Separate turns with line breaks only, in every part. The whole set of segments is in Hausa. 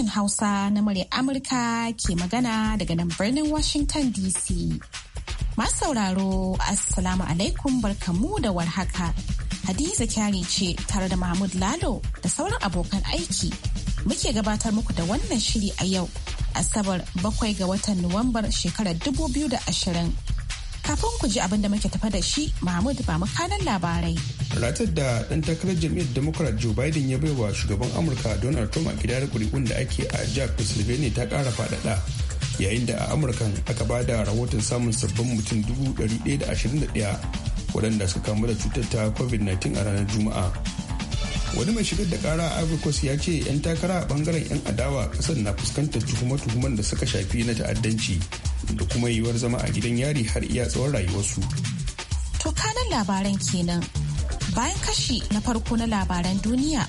sashen Hausa na murya Amurka ke magana daga nan birnin Washington DC. Masu sauraro, Assalamu alaikum barkamu da warhaka. Hadiza kyari ce tare da Mahmud Lalo da sauran abokan aiki. Muke gabatar muku da wannan shiri a yau, Asabar bakwai ga watan Nuwambar shekarar 2020. Kafin ku ji abin da muke tafa da shi, Mahmud ba kanan labarai.
Ratar da ɗan takarar jam'iyyar Democrat Joe Biden ya baiwa shugaban Amurka Donald Trump a gidan kuri'un da ake a jihar Pennsylvania ta ƙara faɗaɗa. Yayin da a amurka aka ba da rahoton samun sabbin mutum dubu da da ashirin 121 waɗanda suka kamu da cutar ta COVID-19 a ranar Juma'a. wani mai shigar da ƙara a ya ce 'yan takara a ɓangaren 'yan adawa kasar na fuskantar tuhuma-tuhuman da suka shafi na ta'addanci da kuma yiwuwar zama a gidan yari har iya tsawon rayuwarsu.
To kanan labaran kenan bayan kashi na farko na labaran duniya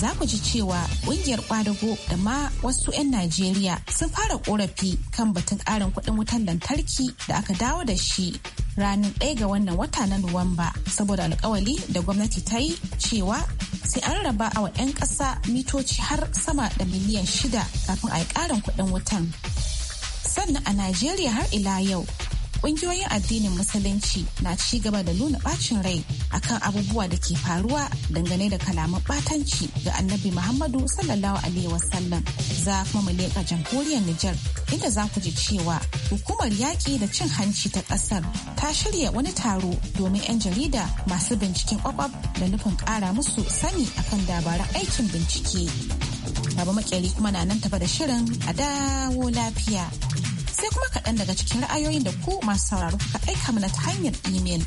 za ku ji cewa ƙungiyar ƙwadago da ma wasu 'yan Najeriya sun fara ƙorafi kan batun ƙarin kuɗin wutan lantarki da aka dawo da shi ranar ɗaya ga wannan wata na Nuwamba saboda alkawali da gwamnati ta yi cewa sai an raba wa 'yan ƙasa mitoci har sama da miliyan shida kafin a yi ƙarin kuɗin wutan. sannan a najeriya har ila yau ƙungiyoyin addinin musulunci na ci gaba da nuna ɓacin rai akan abubuwa da ke faruwa dangane da kalaman batanci ga annabi muhammadu sallallahu alaihi wasallam za kuma mu leƙa jamhuriyar nijar inda za ku ji cewa hukumar yaƙi da cin hanci ta ƙasar ta shirya wani taro domin 'yan jarida masu binciken ƙwaƙwaf da nufin ƙara musu sani akan dabarun aikin bincike Baba makeri kuma na nan tafa da shirin a dawo lafiya sai kuma kaɗan daga cikin ra'ayoyin da ku masu sauraro kuka aika mana ta hanyar imel.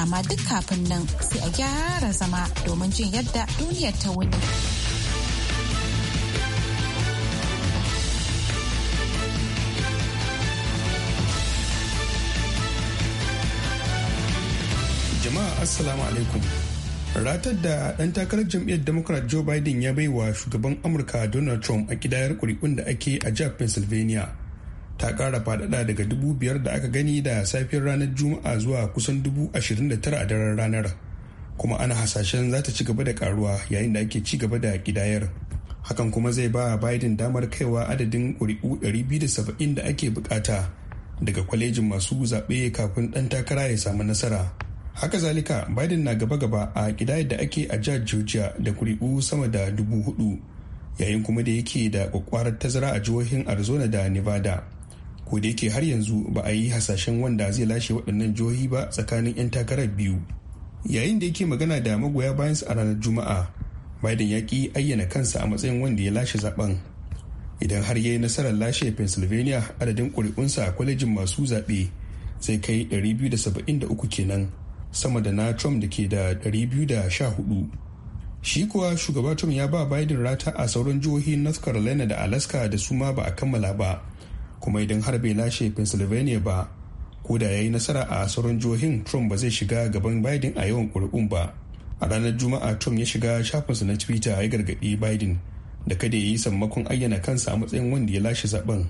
Amma duk kafin nan sai a gyara zama domin jin yadda duniyar ta wuni.
Jama'a Assalamu alaikum. ratar da ɗan takarar jam'iyyar democrat joe biden ya baiwa shugaban amurka donald trump a kidayar kuri'un da ake a jihar pennsylvania ta ƙara faɗaɗa daga dubu biyar da aka gani da safiyar ranar juma'a zuwa kusan dubu ashirin da tara a daren ranar kuma ana hasashen za ta ci gaba da karuwa yayin da ake ci gaba da gidayar hakan kuma zai ba biden damar kaiwa adadin ƙuri'u biyu da saba'in da ake bukata daga kwalejin masu zaɓe kafin ɗan takara ya samu nasara haka zalika biden na gaba-gaba a gidayar da ake a jihar georgia da ƙuri'u sama da dubu hudu yayin kuma da yake da kwakwarar tazara a jihohin arizona da nevada ko da yake har yanzu ba a yi hasashen wanda zai lashe waɗannan jihohi ba tsakanin 'yan takarar biyu yayin da yake magana da magoya bayan su a ranar juma'a biden ya ki ayyana kansa a matsayin wanda ya lashe zaben idan har ya yi nasarar lashe pennsylvania adadin ƙuri'unsa a kwalejin masu zaɓe zai kai 273 kenan sama da na trump da ke da 214 shi kuwa shugaba trump ya ba biden rata a sauran jihohin north carolina da alaska da su ma ba a kammala ba kuma idan har bai lashe pennsylvania ba ko da ya yi nasara a sauran jihohin trump ba zai shiga gaban biden a yawan ƙuri'un ba a ranar juma'a trump ya shiga shafinsa na twitter ya gargaɗi biden da kada ya yi sammakon ayyana kansa a matsayin wanda ya lashe zaben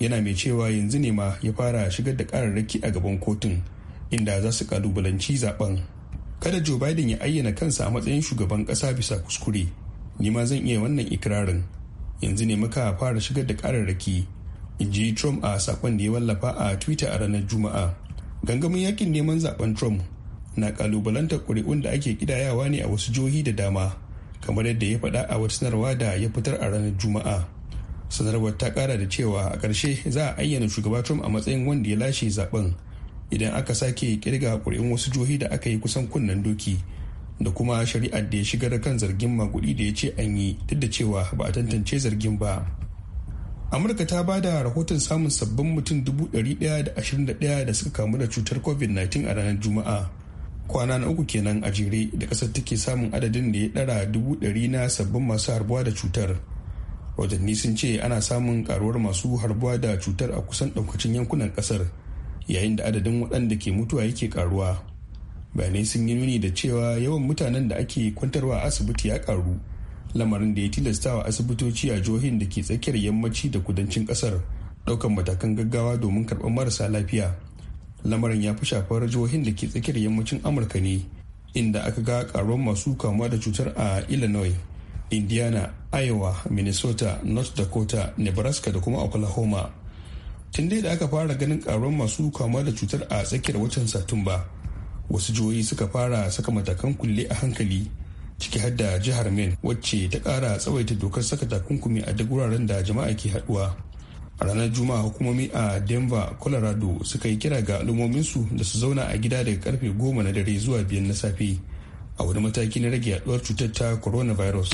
yana mai cewa yanzu ne ma ya fara shigar da ƙararraki a gaban kotun inda za su kalubalanci zaben kada joe biden ya ayyana kansa a matsayin shugaban ƙasa bisa kuskure ni ma zan iya wannan ikirarin yanzu ne muka fara shigar da kararraki in ji trump a sakon da ya wallafa a twitter a ranar juma'a gangamin yakin neman zaben trump na kalubalantar ƙuri'un da ake kidayawa ne a wasu jihohi da dama kamar yadda ya faɗa a wata sanarwa da ya fitar a ranar juma'a sanarwar ta ƙara da cewa a ƙarshe za a ayyana shugaba trump a matsayin wanda ya lashe zaben idan aka sake kirga kuri'un wasu jihohi da aka yi kusan kunnen doki da kuma shari'ar da ya shigar kan zargin maguɗi da ya ce an yi duk da cewa ba a tantance zargin ba amurka ta ba da rahoton samun sabbin mutum 121 da suka kamu da cutar covid-19 a ranar juma'a kwana na uku kenan a jere da kasar take samun adadin da ya dara ɗari na sabbin masu harbuwa da cutar watanni sun ce ana samun karuwar masu harbuwa da cutar a kusan ɗaukacin yankunan kasar yayin da adadin waɗanda ke mutuwa yake karuwa bayanai sun yi nuni da cewa yawan mutanen da ake kwantarwa asibiti ya karu lamarin da ya tilastawa asibitoci a jihohin da ke tsakiyar yammaci da kudancin kasar daukan matakan gaggawa domin karɓar marasa lafiya lamarin ya fi shafar jihohin da ke tsakiyar yammacin amurka ne inda aka ga karuwar masu kamuwa da cutar a illinois indiana iowa minnesota north dakota nebraska da kuma oklahoma tun dai da aka fara ganin karuwar masu kamuwa da cutar a tsakiyar watan satumba wasu jihohi suka fara saka matakan kulle a hankali ciki har da jihar min wacce ta kara tsawaita dokar saka takunkumi a duk wuraren da jama'a ke haduwa. A ranar Juma'a hukumomi a Denver, Colorado suka yi kira ga al'ummominsu da su zauna a gida daga karfe goma na dare zuwa biyan na safe a wani mataki na rage yaduwar cutar ta coronavirus.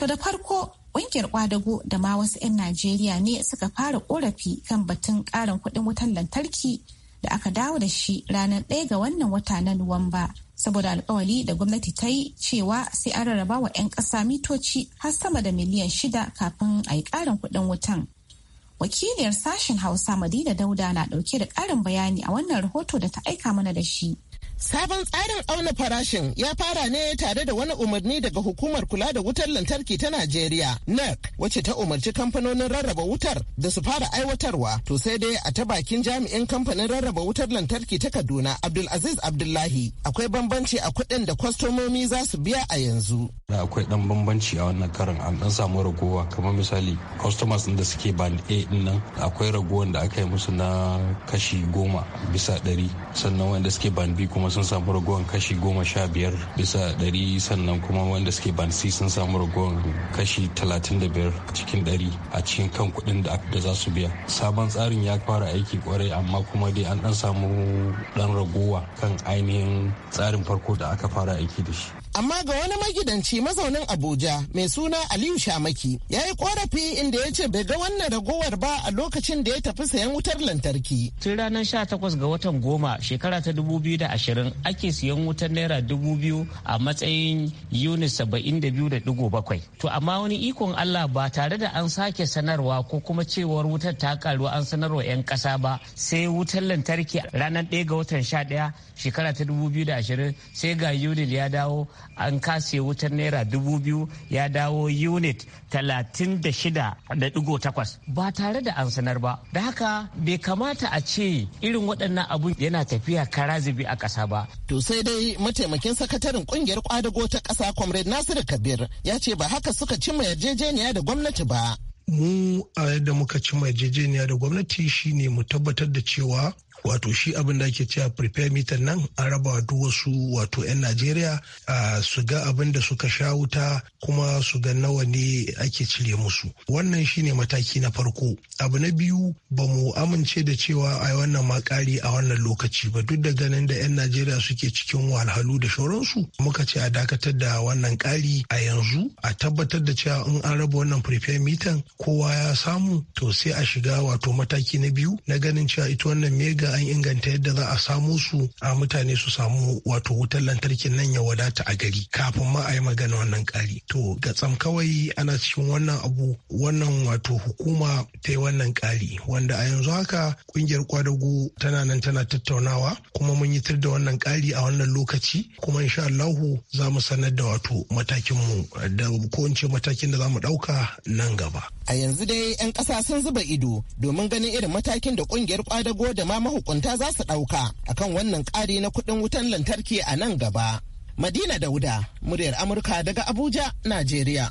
To da farko ƙungiyar kwadago da ma wasu 'yan Najeriya ne suka fara ƙorafi kan batun ƙarin kuɗin wutar lantarki da aka dawo da shi ranar ɗaya ga wannan wata na Nuwamba. Saboda alkawali da gwamnati ta yi cewa sai an rarraba wa 'yan ƙasa mitoci har sama da miliyan shida kafin a yi ƙarin kuɗin wutan. Wakiliyar sashen Hausa Madina Dauda na ɗauke da ƙarin bayani a wannan rahoto da ta aika mana da shi.
Sabon tsarin auna farashin ya fara ne tare da wani umarni daga hukumar kula da wutar lantarki ta Najeriya, NERC, wacce ta umarci kamfanonin rarraba wutar da su fara aiwatarwa. To sai dai a ta bakin jami'in kamfanin rarraba wutar lantarki ta Kaduna, Abdulaziz Abdullahi, akwai bambanci a kuɗin da kwastomomi za su biya a yanzu.
Da akwai ɗan
bambanci a wannan karin an ɗan samu ragowa kamar misali customers da suke band A ɗin nan akwai ragowar da aka yi musu na kashi goma bisa ɗari sannan wanda suke band B kuma sun samu ragowar kashi goma sha biyar bisa ɗari sannan kuma wanda suke bansi sun samu ragowar kashi talatin da biyar cikin ɗari a cikin kan kuɗin da za su biya
sabon tsarin ya fara aiki kwarai amma kuma dai an ɗan samu ɗan ragowa kan ainihin tsarin farko da aka fara aiki da shi
amma ga wani magidanci mazaunin abuja mai suna aliyu shamaki ya yi korafi inda ya ce bai ga wannan ragowar ba a lokacin da ya tafi sayan wutar lantarki tun ranar sha takwas ga watan goma shekara ta dubu biyu da ashirin ake siyan wutar naira dubu biyu a matsayin yuni saba'in da biyu da digo bakwai to amma wani ikon allah ba tare da an sake sanarwa ko kuma cewar wutar ta karu an sanarwa 'yan kasa ba sai wutar lantarki ranar ɗaya ga watan sha ɗaya shekara ta dubu biyu da ashirin sai ga yunil ya dawo an kase wutar naira dubu biyu ya dawo unit talatin da shida da digo takwas ba tare da an sanar ba da haka bai kamata a ce irin waɗannan abun yana tafiya karazibi a ƙasa ba. to sai dai mataimakin sakataren ƙungiyar kwadago ta ƙasa comrade nasiru kabir ya
ce ba haka suka ci cimma yarjejeniya da gwamnati ba mu a yadda muka ci yarjejeniya da gwamnati shine mu tabbatar da cewa wato shi abin da ake cewa prepare meter nan an raba duk wasu wato 'yan najeriya su ga abin da suka sha wuta kuma su ga nawa ne ake cire musu wannan shi ne mataki na farko abu na biyu ba mu amince da cewa a wannan makari a wannan lokaci ba duk da ganin da 'yan najeriya suke cikin wahalhalu da shauransu muka ce a dakatar da wannan kari a yanzu a tabbatar da cewa in an raba wannan prepare meter kowa ya samu to sai a shiga wato mataki na biyu na ganin cewa ita wannan mega an inganta yadda za a samu su a mutane su samu wato wutar lantarki nan ya wadata a gari kafin ma a yi magana wannan kari to ga tsam kawai ana cikin wannan abu wannan wato hukuma ta yi wannan kari wanda a yanzu haka ƙungiyar kwadago tana nan tana tattaunawa kuma mun yi da wannan kari a wannan lokaci kuma insha Allahu za mu sanar da wato matakin mu da ko in ce matakin da za mu ɗauka nan gaba. A yanzu dai 'yan ƙasa sun zuba ido
domin ganin irin matakin da kungiyar kwadago da ma mahukunta za su ɗauka akan wannan ƙari na kuɗin wutan lantarki a nan gaba. Madina Dauda, muryar Amurka daga Abuja, Najeriya.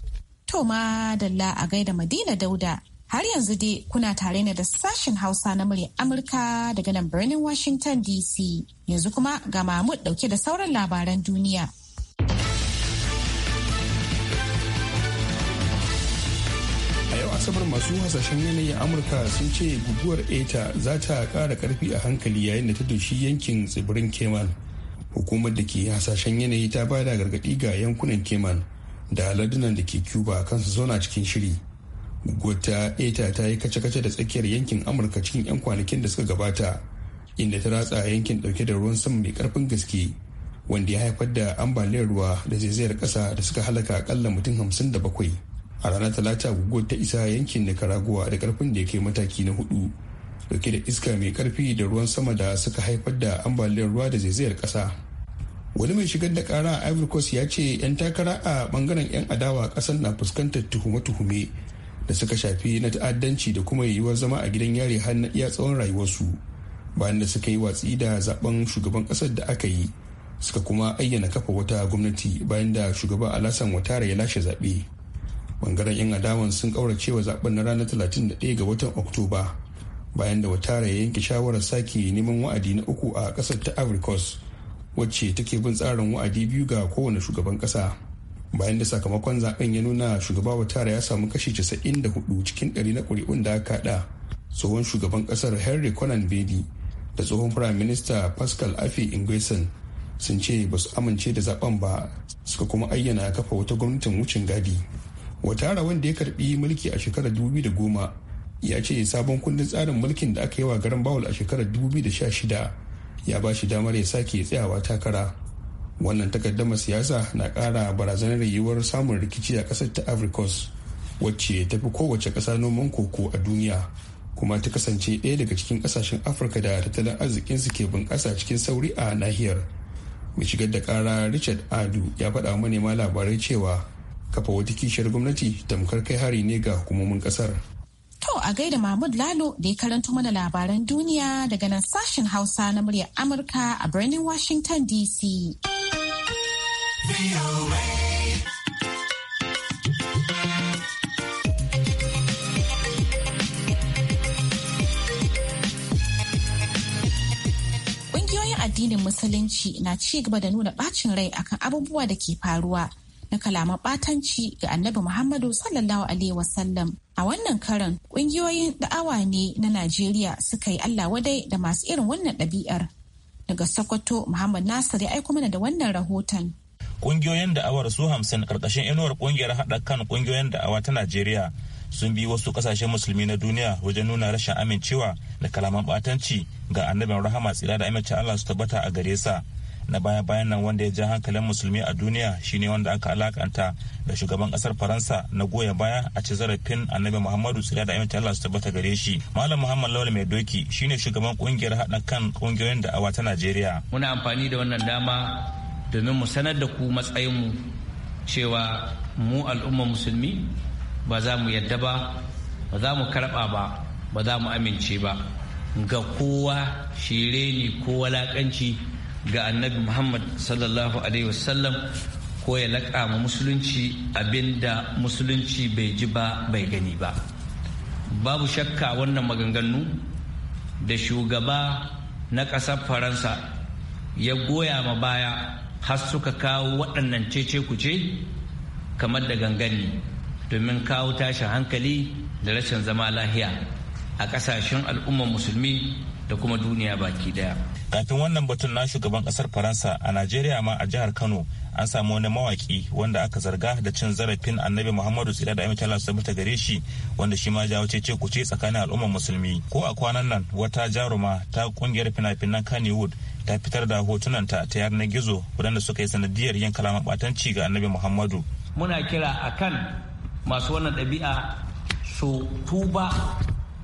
To ma dalla a gaida Madina Dauda. Har yanzu dai kuna tare ne da sashen Hausa na muryar Amurka daga nan birnin Washington DC. Yanzu kuma ga Mahmud dauke da sauran labaran duniya.
asabar masu hasashen yanayi amurka sun ce guguwar eta za ta kara karfi a hankali yayin da ta doshi yankin tsibirin kemal hukumar da ke hasashen yanayi ta bada gargaɗi ga yankunan keman da aladunan da ke cuba kan su zauna cikin shiri guguwar ta eta ta yi kace-kace da tsakiyar yankin amurka cikin 'yan kwanakin da suka gabata inda ta ratsa yankin dauke da ruwan sama mai karfin gaske wanda ya haifar da ambaliyar ruwa da zaizayar kasa da suka halaka akalla mutum hamsin da bakwai. a ranar talata guguwar ta isa yankin nicaragua da karfin da ya kai mataki na hudu dauke da iska mai karfi da ruwan sama da suka haifar da ambaliyar ruwa da zaizayar kasa wani mai shigar da kara a ivory coast ya ce 'yan takara a bangaren 'yan adawa kasar na fuskantar tuhume-tuhume da suka shafi na ta'addanci da kuma yiwuwar zama a gidan yari har na iya tsawon rayuwarsu bayan da suka yi watsi da zaben shugaban kasar da aka yi suka kuma ayyana kafa wata gwamnati bayan da shugaban alasan watara ya lashe zaɓe bangaren yan adawan sun kauracewa zaben na ranar 31 ga watan oktoba bayan da watara ya yanke shawarar sake neman wa'adi na uku a kasar ta Coast wacce take bin tsarin wa'adi biyu ga kowane shugaban kasa bayan da sakamakon zaben ya nuna shugaba watara ya samu kashi 94 cikin 100 na ƙuri'un da aka haɗa tsohon shugaban kasar henry conan bedi da tsohon prime minister pascal afi ingweson sun ce ba su amince da zaben ba suka kuma ayyana kafa wata gwamnatin wucin gadi watara wanda ya karbi mulki a shekarar 2010 ya ce sabon kundin tsarin mulkin da aka yi wa garin bawul a shekarar 2016 ya ba shi damar ya sake tsayawa takara wannan takaddamar siyasa na kara barazanar yiwuwar samun rikici a kasar ta africos wacce ta fi kowace kasa noman koko a duniya kuma ta kasance ɗaya daga cikin kasashen afirka da tattalin arzikin su ke bunƙasa cikin sauri a nahiyar mai shigar da kara richard adu ya faɗa manema labarai cewa kafa wata kishiyar gwamnati tamkar kai hari ne ga hukumomin kasar
To a gaida Mahmud Lalo da ya karanto mana labaran duniya daga nan sashen Hausa na muryar Amurka a birnin Washington DC. Ƙungiyoyin addinin musulunci na ci gaba da nuna bacin rai akan abubuwa da ke faruwa na kalaman batanci ga annabi Muhammadu sallallahu Alaihi wasallam. A wannan karin ƙungiyoyin da'awa ne na Najeriya suka yi Allah wadai da masu irin wannan ɗabi'ar. Daga Sokoto Muhammad Nasir ya aiko mana da wannan rahoton.
Ƙungiyoyin da'awar su hamsin ƙarƙashin inuwar ƙungiyar haɗa kan ƙungiyoyin da'awa ta Najeriya sun bi wasu ƙasashen musulmi na duniya wajen nuna rashin amincewa da kalaman batanci ga annabin rahama tsira da amince Allah su tabbata a gare sa na baya-bayan nan wanda ya ja hankalin musulmi a duniya shine wanda aka alakanta da shugaban kasar faransa na goya baya a ci zarafin annabi muhammadu tsira da aminta allah su tabbata gare shi malam muhammad lawal mai doki shine shugaban kungiyar haɗa kan kungiyoyin da'awa ta najeriya
muna amfani da wannan dama domin mu sanar da ku matsayinmu cewa mu al'umma musulmi ba za mu yadda ba ba za mu karɓa ba ba za mu amince ba ga kowa shire ne ko walakanci ga annabi muhammad sallallahu alaihi wasallam ko ya laƙa ma musulunci abinda musulunci bai ji ba bai gani ba babu shakka wannan maganganu da shugaba na ƙasar faransa ya goya ma baya har suka kawo waɗannan cece kuce kamar da gangani domin kawo tashin hankali da rashin zama lahiya a ƙasashen al'ummar musulmi da kuma duniya baki daya. kafin wannan batun na shugaban kasar
faransa a najeriya ma a jihar kano an samu wani mawaki wanda aka zarga da cin zarafin annabi muhammadu tsira da amincin allah ta gare shi wanda shi ma jawo cece kuce tsakanin al'ummar musulmi ko a kwanan nan wata jaruma ta kungiyar fina-finan kannywood ta fitar da hotunanta ta yarnar gizo waɗanda suka yi sanadiyar yin kalaman batanci ga annabi muhammadu
muna kira akan masu wannan ɗabi'a su tuba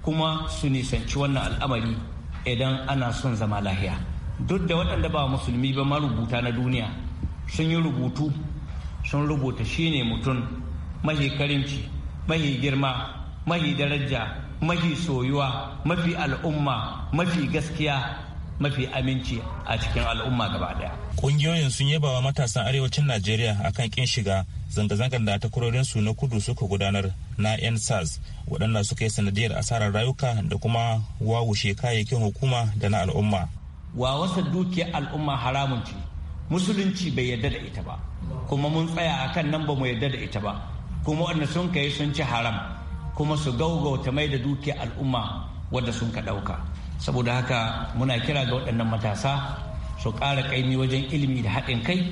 kuma su nisanci wannan al'amari idan ana son zama lahiya duk da waɗanda ba musulmi ba marubuta na duniya sun yi rubutu sun rubuta shine mutum mafi karimci mafi girma mafi daraja mafi soyuwa mafi al'umma mafi gaskiya mafi aminci a cikin al'umma gaba daya
kungiyoyin sun yaba wa matasan arewacin Najeriya akan kin shiga zanga-zangar da takurorin su na kudu suka gudanar na 'yan sars waɗanda suka yi sanadiyar asarar rayuka da kuma wawushe kayayyakin hukuma da na al'umma.
Wa wasa dukiyar al'umma haramun ce, musulunci bai yarda da ita ba, kuma mun tsaya akan nan ba mu yarda da ita ba, kuma wanda sun kai sun ci haram, kuma su gaugauta mai da dukiyar al'umma wadda sun ka ɗauka. Saboda haka muna kira ga waɗannan matasa su ƙara kaimi wajen ilimi da haɗin kai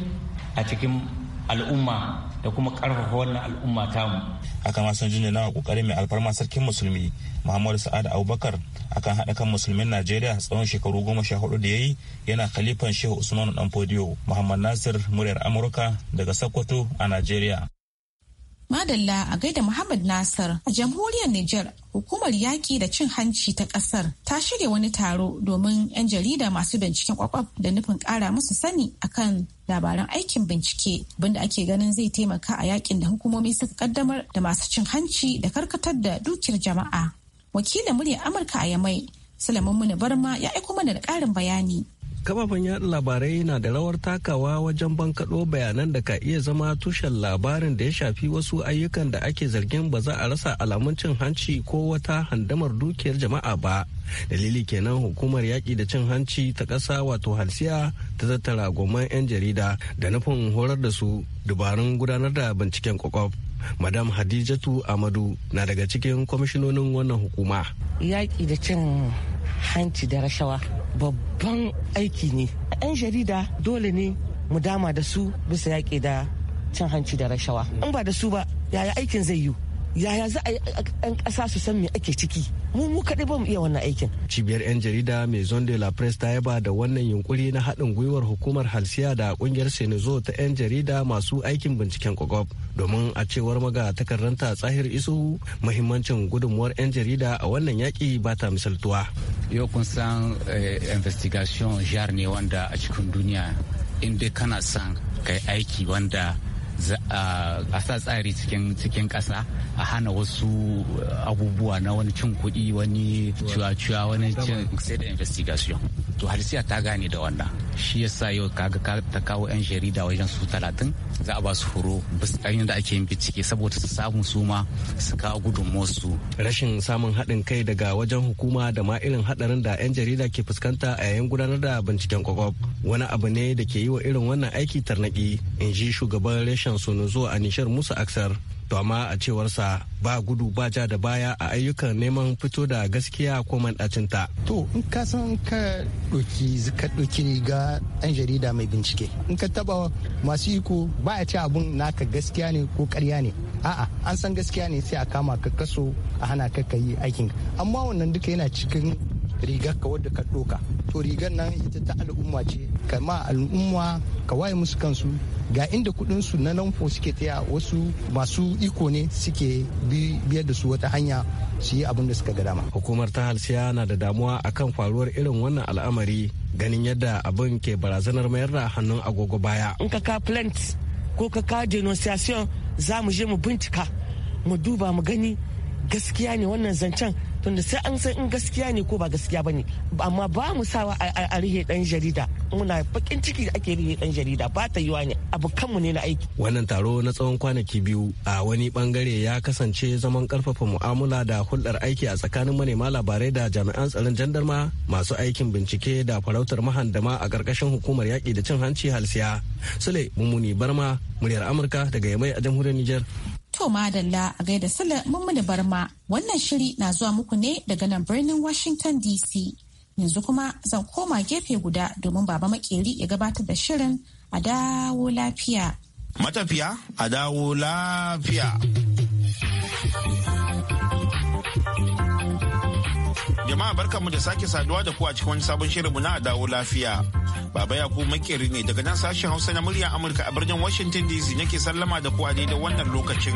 a cikin al'umma da kuma ƙarfafa wannan
al'umma tamu. aka ma san jinjina wa ƙoƙarin mai alfarma sarkin musulmi Muhammadu Sa'ad Abubakar akan haɗa kan musulmin Najeriya tsawon shekaru goma sha hudu da ya yi yana kalifan Shehu Usman Danfodiyo Muhammad Nasir muryar Amurka daga Sokoto a Najeriya.
Madalla a gaida Muhammad Nasir a jamhuriyar Nijar hukumar yaƙi da cin hanci ta ƙasar ta shirya wani taro domin 'yan jarida masu binciken kwakwaf da nufin ƙara musu sani akan labaran aikin bincike abinda ake ganin zai taimaka a yaƙin da hukumomi suka kaddamar da masu cin hanci da karkatar da dukiyar jama'a. Wakilin muryar Amurka a Yamai, Sulaiman Muni Barma ya aiko mana da ƙarin bayani.
kafafen yaɗa labarai na da rawar takawa wajen bankaɗo bayanan da ka iya zama tushen labarin da ya shafi wasu ayyukan da ake zargin ba za a rasa alamun cin hanci ko wata handamar dukiyar jama'a ba dalili kenan hukumar yaƙi da cin hanci ta ƙasa wato halsiya ta tattara goma 'yan jarida da nufin horar da su dubarun gudanar da binciken kwakwaf madam hadijatu amadu na daga cikin kwamishinonin wannan hukuma
yaƙi da cin hanci da rashawa babban aiki ne 'yan jarida dole ne mu dama da su bisa yaƙi da cin hanci da rashawa in ba da su ba yaya aikin zai yiwu yaya za a yi 'yan ƙasa su san me ake ciki mu mu kaɗai ba mu iya
wannan aikin. cibiyar 'yan jarida mai de la presse ta yaba da wannan yunkuri na haɗin gwiwar hukumar halsiya da ƙungiyar senezo ta 'yan jarida masu aikin binciken kwakwab domin a cewar maga takarranta tsahir isu muhimmancin gudunmuwar 'yan jarida a wannan yaki ba ta misaltuwa. yau kun san eh, investigation jar ne wanda a cikin duniya
in dai kana san kai aiki wanda a sa tsari cikin kasa a hana wasu abubuwa na wani cin kuɗi wani cuwa-cuwa wani cin sai da investigation to halisiya ta gane da wannan shi yasa yau kaga ta kawo 'yan jarida wajen su talatin za a ba su horo biskan da ake yin bincike saboda su samu su ma su kawo
rashin samun haɗin kai daga wajen hukuma da ma irin haɗarin da 'yan jarida ke fuskanta a yayin gudanar da binciken kwakwab wani abu ne da ke yi wa irin wannan aiki tarnaki in ji shugaban rashin na zo a nishar musu aksar to amma a cewarsa ba gudu ba ja da baya a ayyukan neman fito da gaskiya ko ta to in ka san ka ɗoki ka ɗoki riga ɗan jarida mai bincike in ka taba masu iko ba a ce abun naka gaskiya ne ko ƙarya ne a'a an san gaskiya ne sai a kama ka kaso a hana ka ka yi aikin amma wannan duka yana cikin riga ka wadda ka ɗoka to rigar nan ita ta al'umma ce kama al'umma ka waye musu kansu ga inda kudin su na nanfo suke taya wasu masu iko ne suke biyar da su wata hanya su yi abin da suka ga dama hukumar ta halsiya na da damuwa akan faruwar irin wannan al'amari ganin yadda abin ke barazanar mayar da hannun agogo baya in ka ka plant ko ka ka denunciation za mu je mu
bincika mu duba mu gani gaskiya ne wannan zancen tunda sai an san in gaskiya ne ko ba gaskiya ba ne amma ba mu sawa a rihe dan jarida muna bakin ciki da ake rihe dan jarida ba ta yiwa ne abu kanmu ne na aiki
wannan taro na tsawon kwanaki biyu a wani bangare ya kasance zaman karfafa mu'amala da hulɗar aiki a tsakanin manema labarai da jami'an tsaron jandarma masu aikin bincike da farautar mahandama a karkashin hukumar yaƙi da cin hanci halsiya sule mummuni barma muryar amurka daga yamai a jamhuriyar niger
da madalla a gaida sala mummuni barma wannan shiri na zuwa muku ne daga nan birnin Washington DC. Yanzu kuma zan koma gefe guda domin baba makeri ya gabatar da shirin a dawo lafiya.
Matafiya a dawo lafiya. Jama'a barkanmu da sake saduwa da ku a cikin wani sabon shirinmu na dawo lafiya. Baba ya ku makeri ne daga nan sashen Hausa na muryar Amurka a birnin Washington DC nake sallama da ku a daidai wannan lokacin.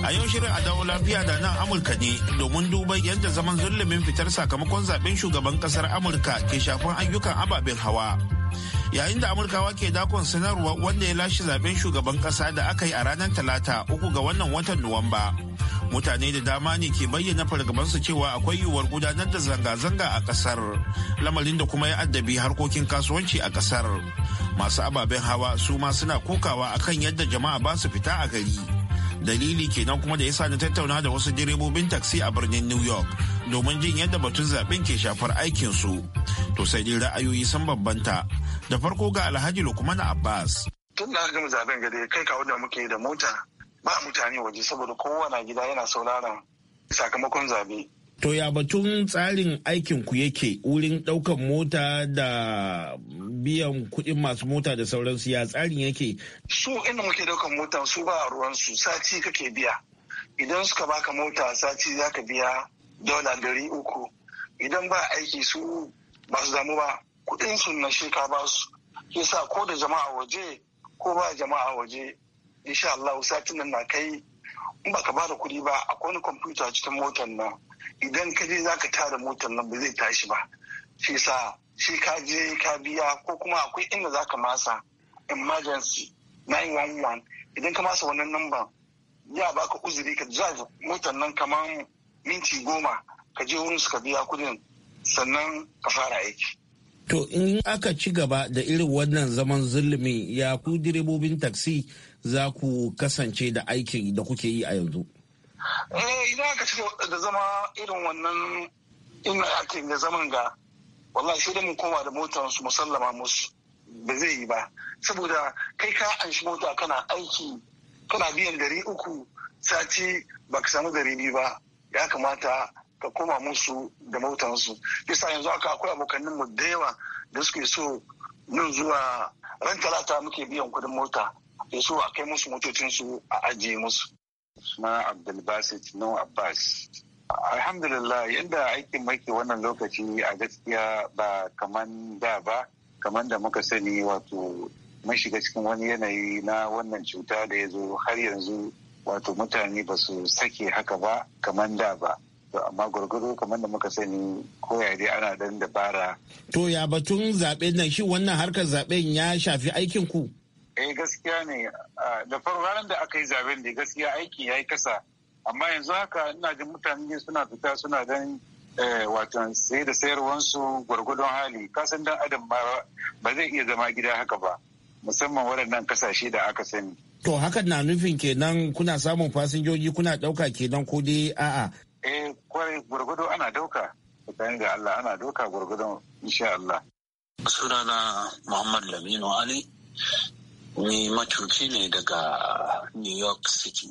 a yau shirin dawo lafiya da nan amurka ne domin duba yadda zaman zulumin fitar sakamakon zaben shugaban kasar amurka ke shafin ayyukan ababen hawa yayin da amurkawa ke dakon sanarwa wanda ya lashe zaben shugaban kasa da aka yi a ranar talata uku ga wannan watan nuwamba mutane da dama ne ke bayyana fargabansu cewa akwai yiwuwar gudanar da zanga-zanga a kasar lamarin da kuma ya addabi harkokin kasuwanci a kasar masu ababen hawa su ma suna kokawa akan yadda jama'a ba su fita a gari dalili kenan kuma da ya sa na tattauna da wasu direbobin taksi a birnin new york domin jin yadda batun zaben ke shafar aikinsu to sai dai ra'ayoyi sun bambanta Da farko ga Alhaji Lukman Abbas.
Tun da gama zaben gade kai kawo da muke da mota ba mutane waje saboda kowane gida yana sauraron sakamakon zabe.
To ya batun tsarin aikin ku yake wurin ɗaukan mota da biyan kuɗin masu mota da sauransu ya tsarin yake?
Su inda muke ɗaukan mota su ba ruwan su sati kake biya. Idan suka baka mota sati zaka biya dola dari uku. Idan ba aiki su ba su damu ba kudin su na shinkafa su yasa ko da jama'a waje ko ba jama'a waje insha Allah satin nan na kai in baka bada kuɗi ba akwai wani kwamfuta cikin motar nan idan ka je zaka tara motar nan ba zai tashi ba shi sa shi ka je ka biya ko kuma akwai inda zaka masa emergency 911 idan ka masa wannan number ya baka uzuri ka drive motar nan kamar minti goma ka je wurin su ka biya kudin sannan ka fara aiki
To in aka ci gaba da irin wannan zaman zulumi ya ku direbobin taksi za ku kasance da aikin da kuke yi a yanzu?
Eh idan aka ci da zama irin wannan ina zaman ga wallahi sai da mun koma da motar su musallama musu ba zai yi ba saboda kai ka an shi mota kana aiki kana biyan dari uku sati ba ka samu dari biyu ba ya kamata ka koma musu da mautansu yasa yanzu haka akwai abokanin mu da yawa da suke so nan zuwa ran talata muke biyan kudin mota ke so a kai musu motocinsu a ajiye musu suna abdulbasit no abbas alhamdulillah yadda aikin maki wannan lokaci a gaskiya ba kaman da ba kaman da muka sani wato mun shiga cikin wani yanayi na wannan cuta da ya zo har yanzu wato mutane ba su sake haka ba kaman da ba amma gwargwado kamar da muka sani ya dai ana dan dabara
to ya batun zaɓe nan shi wannan harkar zaɓen ya shafi aikin ku
eh gaskiya ne da farko ranar da aka yi zaɓen da gaskiya aiki ya yi kasa amma yanzu haka ina jin mutane suna fita suna dan eh, watan sai da sayarwansu gwargwadon hali kasan dan adam ba zai iya zama gida haka ba musamman waɗannan kasashe da aka sani
to hakan na nufin kenan kuna samun fasinjoji kuna ɗauka kenan ko dai a'a
kwarai gwargwado ana dauka tsakanin ga Allah ana dauka gwargwado insha Allah.
Sunana Muhammad Laminu Ali ni matuki ne daga New York City.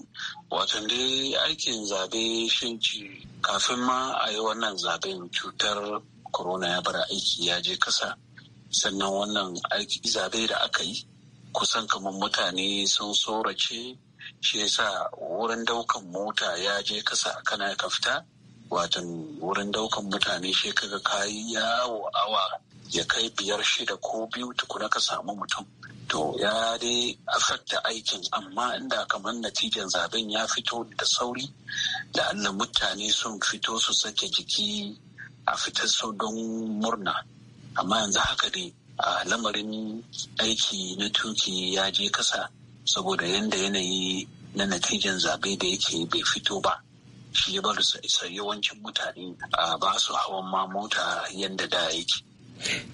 Watan dai aikin zabe shinci kafin ma a yi wannan zaben cutar corona ya bar aiki ya je kasa. Sannan wannan aiki zabe da aka yi kusan kamar mutane sun tsorace shi yasa wurin daukan mota ya je kasa kana ka fita watan wurin daukan mutane shi kaga kayi yawo awa ya kai biyar shida ko biyu tukuna ka samu mutum to ya dai afekta aikin amma inda kamar natijan zaben ya fito da sauri da annan mutane sun fito su sake jiki a fitar su don murna amma yanzu haka ne, a lamarin aiki na tuki ya je kasa saboda yanda yanayi na natijan zabe da yake bai fito ba shi ya bar yawancin mutane ba su hawan ma mota yadda da yake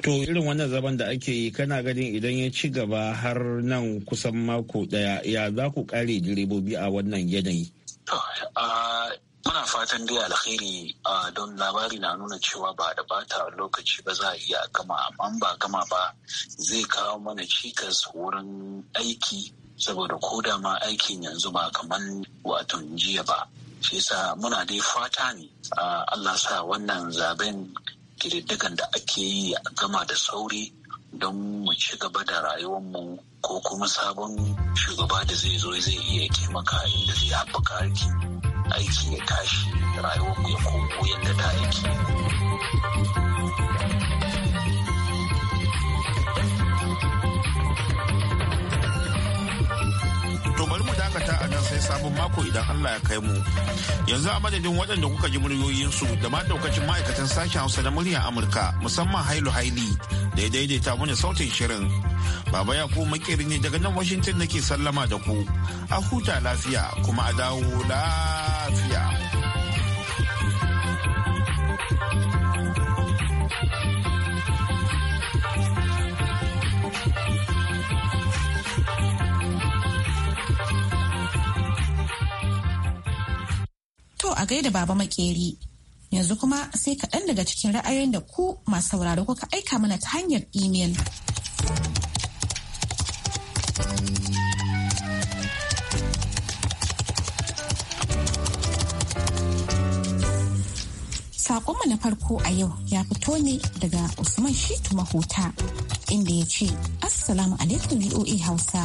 To irin wannan
zaben da ake yi kana ganin idan ya ci gaba har nan kusan mako daya ya za ku kare direbobi a wannan yanayi?
Muna fatan dai alkhairi don labari na nuna cewa ba da bata lokaci ba za a iya gama amma ba gama ba zai kawo mana cikas wurin aiki saboda ko da ma aikin yanzu ba kaman waton jiya ba shi muna dai fata ne Allah sa wannan zaben kididdigan da ake yi a gama da sauri don mu ci gaba da rayuwarmu ko kuma sabon shugaba da zai zo zai iya taimaka inda zai haɓaka aiki aiki ya tashi rayuwarmu ya koko yadda ta aiki.
sabon mako idan Allah ya kai mu. Yanzu a madadin waɗanda kuka ji muryoyinsu da ma daukacin ma'aikatan sashen Hausa na muryar Amurka musamman Hailu Haili da ya daidaita mana sautin shirin. Baba ya ku makeri ne daga nan Washington nake sallama da ku. A huta lafiya kuma a dawo lafiya.
a gaida baba makeri. Yanzu kuma sai kaɗan daga cikin ra'ayoyin da ku masu sauraro kuka aika mana ta hanyar imel. saƙonmu na farko a yau ya fito ne daga Usman Shitu Mahota inda ya ce, Assalamu alaikum VOA Hausa.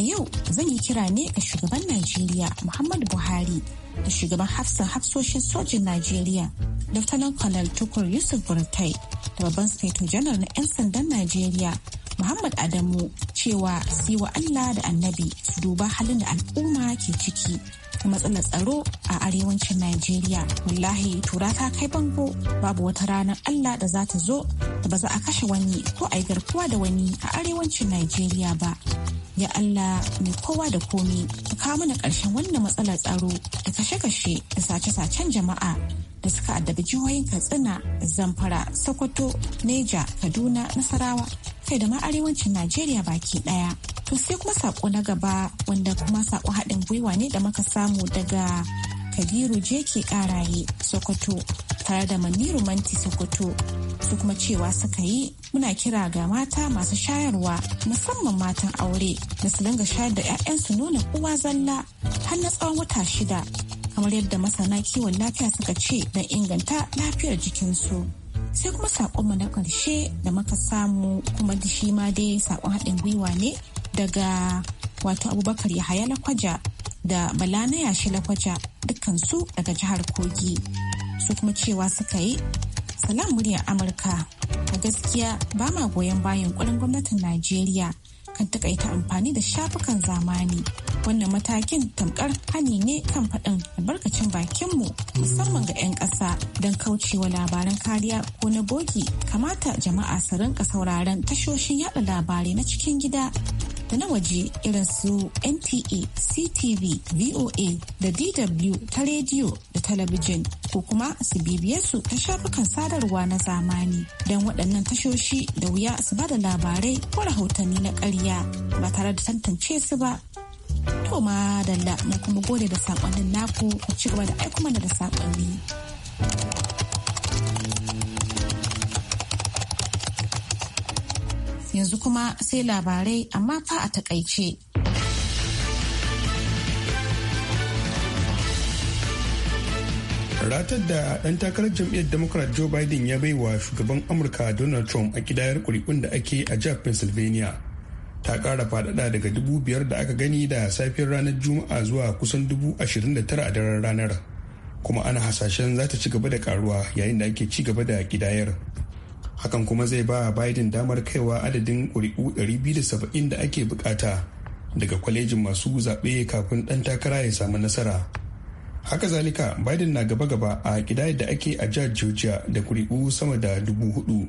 A yau zan yi kira ne ga shugaban Najeriya Muhammadu Buhari da shugaban hafsan hafsoshin sojin Najeriya Daftanan Colonel Tukur Yusuf Burtai da babban Sufeto Janar na 'yan sandan Najeriya Muhammad Adamu cewa siwa Allah da annabi su duba halin da al'umma ke ciki ta matsalar tsaro a arewacin Najeriya. Wallahi tura ta kai bango babu wata ranar Allah da za ta zo da ba za a kashe wani ko a yi garkuwa da wani a arewacin Najeriya ba. Ya Allah mai kowa da komi ka kawo mana ƙarshen wannan matsalar tsaro da kashe-kashe da sace-sacen jama'a da suka addabi jihohin katsina zamfara sokoto neja kaduna nasarawa kai da ma arewacin najeriya baki daya to sai kuma sako na gaba wanda kuma sako haɗin gwiwa ne da muka samu daga kabiru jeki karaye sokoto tare da maniru manti sokoto su kuma cewa suka yi muna kira ga mata masu shayarwa musamman matan aure da su dinga shayar da 'ya'yansu nuna uwa zalla har na tsawon wata shida kamar yadda masana kiwon lafiya suka ce don inganta lafiyar jikinsu. Sai kuma saƙonmu na ƙarshe da muka samu kuma da shi ma dai saƙon haɗin gwiwa ne daga wato Abubakar Yahaya Lakwaja da Bala na Yashi Lakwaja dukkansu daga jihar Kogi. Su kuma cewa suka yi salam muryar Amurka. A gaskiya ba ma goyon bayan ƙurin gwamnatin Najeriya kan takaita amfani da shafukan zamani wannan matakin tamkar hani ne kan faɗin albarkacin bakinmu musamman ga 'yan ƙasa don kaucewa labaran kariya ko na bogi kamata jama'a su rinka sauraren tashoshin yada labarai na cikin gida da na waje irin su NTA, CTV, VOA da DW ta rediyo talabijin ko kuma su bibiye su ta shafukan sadarwa na zamani don waɗannan tashoshi da wuya su ba da labarai ko rahotanni na ƙarya ba tare da tantance su ba. To ma dalla mu kuma gode da saƙonnin naku ku ci gaba da aiko mana da sakonni. Yanzu kuma sai labarai amma fa a takaice.
ratar da dan takarar jam'iyyar democrat joe biden ya wa shugaban amurka donald trump a kidayar kuri'un da ake a jihar pennsylvania ta kara faɗaɗa daga dubu biyar da aka gani da safiyar ranar juma'a zuwa kusan dubu ashirin da tara a daren ranar kuma ana hasashen za ta ci gaba da karuwa yayin da ake ci gaba da kidayar hakan kuma zai ba biden damar kaiwa adadin ƙuri'u 270 da ake bukata daga kwalejin masu zaɓe kafin ɗan takara ya samu nasara haka zalika biden na gaba-gaba a kidayar da ake a jihar georgia da kuri'u sama da dubu hudu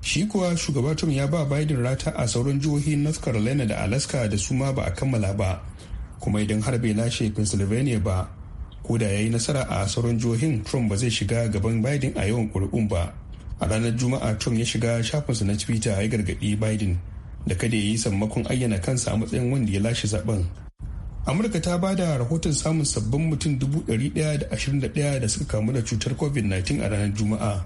shi kuwa shugaba trump ya ba biden rata a sauran jihohi north carolina da alaska da su ma ba a kammala ba kuma idan har bai lashe pennsylvania ba ko da ya yi nasara a sauran jihohin trump ba zai shiga gaban biden a yawan kuri'un ba a ranar juma'a trump ya shiga shafinsa na twitter ya gargaɗi biden da kada ya yi sammakon ayyana kansa a matsayin wanda ya lashe zaben amurka ta ba da rahoton samun sabbin mutum 121 da suka kamu da cutar covid-19 a ranar juma'a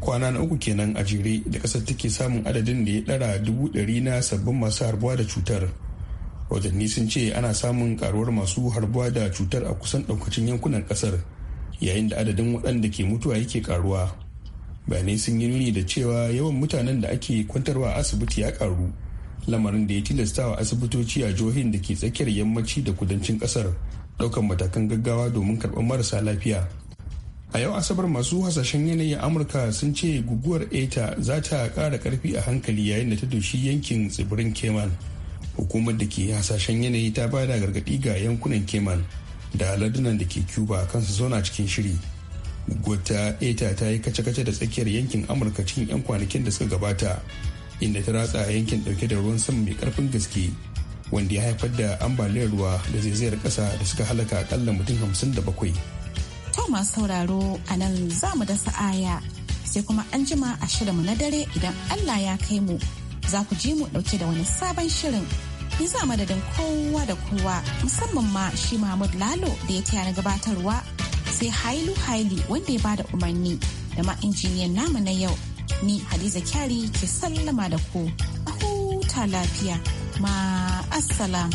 kwana na uku kenan a jere da kasar take samun adadin da ya dara ɗari na sabbin masu harbuwa da cutar rahotanni sun ce ana samun karuwar masu harbuwa da cutar a kusan ɗaukacin yankunan kasar yayin da adadin waɗanda ke mutuwa yake karuwa bayanai sun yi nuni da cewa yawan mutanen da ake kwantarwa asibiti ya karu lamarin da ya tilasta wa asibitoci a jihohin da ke tsakiyar yammaci da kudancin kasar daukan matakan gaggawa domin karɓar marasa lafiya a yau asabar masu hasashen yanayi amurka sun ce guguwar eta za ta ƙara ƙarfi a hankali yayin da ta doshi yankin tsibirin keman hukumar da ke hasashen yanayi ta bada gargaɗi ga yankunan keman da aladunan da ke cuba kansu zauna cikin shiri guguwar ta eta ta yi kace-kace da tsakiyar yankin amurka cikin 'yan kwanakin da suka gabata inda ta ratsa a yankin dauke da ruwan sama mai karfin gaske wanda ya haifar da ambaliyar ruwa da zaizayar kasa da suka halaka akalla mutum hamsin da bakwai.
To masu sauraro a nan za mu dasa aya sai kuma an jima a mu na dare idan Allah ya kai mu za ku ji mu dauke da wani sabon shirin. Ni za madadin kowa da kowa musamman ma shi Mahmud Lalo da ya taya na gabatarwa sai Hailu Haili wanda ya bada umarni da ma injiniyan namu na yau Ni Hadiza Kyari ke sallama da ku. A huta lafiya. Ma